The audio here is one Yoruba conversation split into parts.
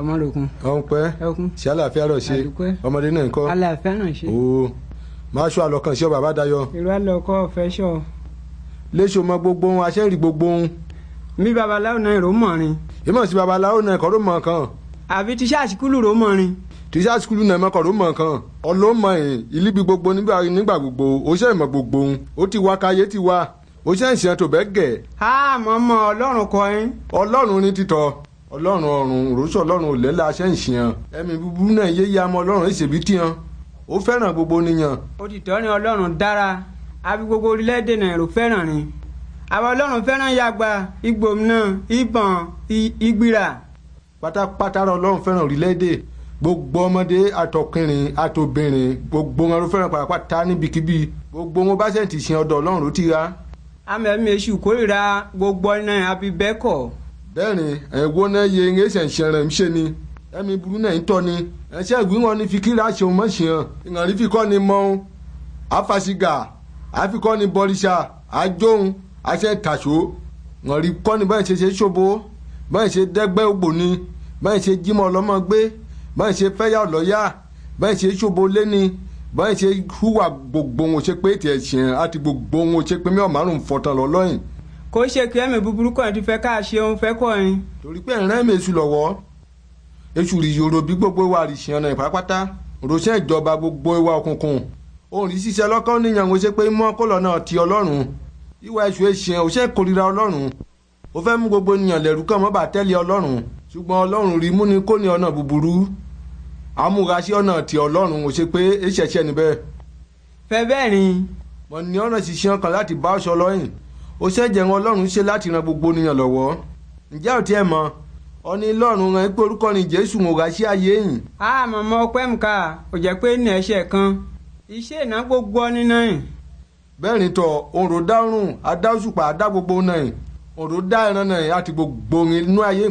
ọmọlòkun. ọ̀hún pẹ́ ṣé àlàáfíà rọ̀ ṣe ọmọdé náà ń kọ́. àlàáfíà náà ṣe. ooo máa ṣọ àlọ́kàn sí ọ bàbá dayọ. ìlú àlọ́kọ́ ọ̀fẹ́ ṣọ. léṣo mọ gbogbo ohun aṣẹ́rì gbogbo ohun. mi babaláwo náà ìró mọ̀ rin. ìmọ̀ sí babaláwo náà ẹ̀kọ́ ló mọ̀ kan. àbí tíṣà sukulu ró mọ̀ rin. tíṣà sukulu náà mọ̀kọ́ ló mọ̀ kan. ọlọ́mọ yìí ìlíbi gbogbo nígbà gbogbo ó ṣe ìmọ̀ gbogbo ohun ó ti wá káyé ti wá ó ṣe ìṣẹ́ tó bẹ́ẹ̀ gẹ̀. a mọ̀ mọ̀ ọlọ́run kọ́ yín. ọlọ́run ni títọ́ ọlọ́run ọ̀run òróṣọ́ ọlọ́run ò lẹ́la aṣẹ́ ń ṣìyàn ẹ̀mí búburú náà yé ya ọmọ ọlọ́run ìṣèbí tiyan ó fẹ́ràn gbogbo níyàn. òtítọ́ ni ọlọ́run dára àbí gbogbo orílẹ̀-èdè nàìjíríà fẹ́ràn ni àwọn ọlọ́run fẹ́ràn yagba igbómìnà ìbọn ìgbìrà. pátápátá ọlọ́run fẹ́ràn orílẹ̀-èdè gbogbo ọmọdé àtọkùnrin àtobìnrin gbogbo wọn ló fẹ́ràn pàápàá níbikíbi gbogbo wọn bá ṣèǹtì sin ọ̀dọ̀ ọlọ́run ló ti ra. àmì ẹ̀mí èṣù kórìíra gbogbo ọ̀nà àbíbẹ́kọ̀ dẹ́rìn ẹ̀gbọ́n náà yẹ ń ṣe ìṣẹ̀rẹ̀ ń ṣe ni ẹ̀mí burú náà ń tọ́ ni ẹ̀ṣẹ́ ìgbín wọn ni fi kíra ṣeun mọ́ ṣeun ìrànrí fi kọ́ ni mọ́un àfàṣìgà àfikọ́ ni bọ́rìṣà àjọhun àṣẹ tàṣó ìrànrí kọ́ ni báyìí ṣe ṣe ṣòbó báyìí ṣe dẹ́gbẹ́ ògbò ni báyìí ṣe jímọ̀ ọlọ́mọ gbé báyìí ṣe fẹ́yà ọ̀lọ́yà báyìí ṣe ṣòbó lẹ́ni báyìí ṣe hùwà gbogbo wọn ṣe pé tiẹ̀ ṣe àti gbogbo wọn ṣe pé mí ọ̀ márùn kò ṣe kí ẹ̀mí búburú kàn ti fẹ́ ká ṣe òun fẹ́ kọ́ yín. torí pé ẹ̀rán mi èṣù lọ́wọ́ èṣù rì yòrò bí gbogbo wa rì ṣe ọ̀nà ìpápátá ròṣẹ́ ìjọba gbogbo wa òkùnkùn òun rí ṣiṣẹ́ lọ́kàn níyàn ó ṣe pé mọ́ kó lọ́nà ti ọlọ́run ìwà èṣù èṣù ò ṣe kórìíra ọlọ́run ó fẹ́ mú gbogbo ènìyàn lẹ́rú kàn mọ́ bà tẹ́lẹ̀ ọlọ́run ṣùgbọ́n ọlọ́run rí mú ni kó ní ọ̀nà búburú amúra sí ọ̀nà ti ọlọ́run ò ṣe pé èṣẹ̀ṣẹ̀ níbẹ̀. fẹ́ bẹ́ẹ̀ ni. mo ní ọ̀nà ṣiṣẹ́ kan láti bá ọ̀ṣọ́ lọ́yìn ó se wọn ọlọ́run ṣe láti ran gbogbo ènìyàn lọ́wọ́ ǹjẹ́ ò tiẹ̀ ọ ọni lọ́run ran pé orúkọ ni jésù wọn wá sí ayé yìí. a mọ̀mọ́ ọpẹ́ mùká ò jẹ́ pé ní ẹ̀ṣẹ̀ kan iṣẹ́ ìná gbogbo ọ nínú yìí. bẹ́ẹ̀ ni òǹrò dárùn gbogbo náà òǹrò dá ẹran náà àti gbogbo inú ayé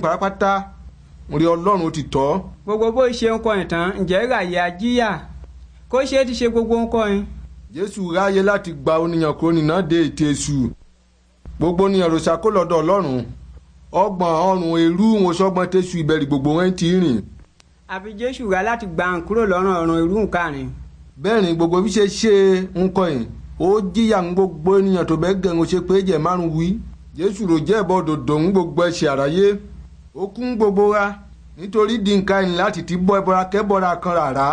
rí ọlọ́run ti tọ́. gbogbo bó ṣe ń tán ǹjẹ́ ìràyè ajíyà kó ṣe é ti ṣe gbogbo ń jésù gba oníyàn kúrò nínú dé ètè èṣù gbogbo ní ẹ̀rọ̀ṣà kó lọ́dọ̀ ọlọ́run ọgbọ̀n ọrùn èrú wọn sọ́gbọ́n tẹ́sù ìbẹ̀rù gbogbo wọn ti rìn. àfi jésù rà láti gba àwọn kúrò lọ́rùn ọ̀run èrú nǹkan rìn. bẹ́ẹ̀ ni gbogbo bí ṣe ṣe ń kọyìn ó jíyà ń gbogbo ènìyàn tó bẹ́ẹ̀ gẹ̀rùn ṣe pé jẹ̀ márùn wí. jésù rò jẹ́ ìbọn dòdò ń gbogbo ẹ̀ṣẹ̀ àráyé ó kún gbogbo wa nítorí di nǹkan láti ti bọ́ ẹbọra kẹ́bọra kan rárá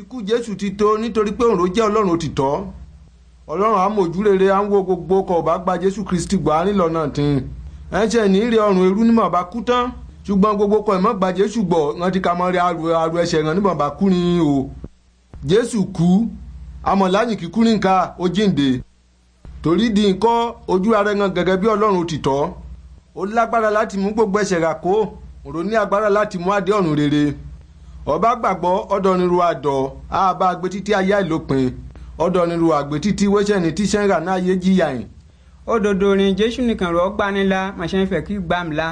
ikú jésù ti tó nítorí pé òun ló jẹ́ ọlọ́run òtítọ́ ọlọ́run amòjú rere à ń wo gbogbo kọ̀ ọ̀bá gba jésù kristi gbà á nílọ́nà tìǹ ẹ̀ṣẹ̀ ní ìrè ọ̀run eru nímọ̀ bá kú tán ṣùgbọ́n gbogbo kọ̀ ìmọ̀ gba jésù gbọ̀ wọn ti ka mọ́ rí aru ẹ̀ṣẹ̀ ràn nímọ̀ bá kú ni o jésù kú amọ̀láyìn kíkú ní nǹka ó jíǹde torí di nǹkan ojú ara ẹ̀ngàn gẹ́gẹ́ bí ọlọ́run ti tọ́ ó lágbára láti mú gbogbo ẹ̀ṣẹ̀ rà kó òrò ní agbára láti mú adé ọ̀run rere ọba gbàgbọ́ ọdọ̀nirú àdọ̀ àbá agbé ayé àìlópin ọ̀dọ̀ nírú àgbè títí wẹ́sẹ̀ ní tíṣẹ́ńrà náà yé jìyà yìí. ó dodo orin jésù nìkan rọ̀ ọ́ gbanilá ń fẹ́ kí gbàm la.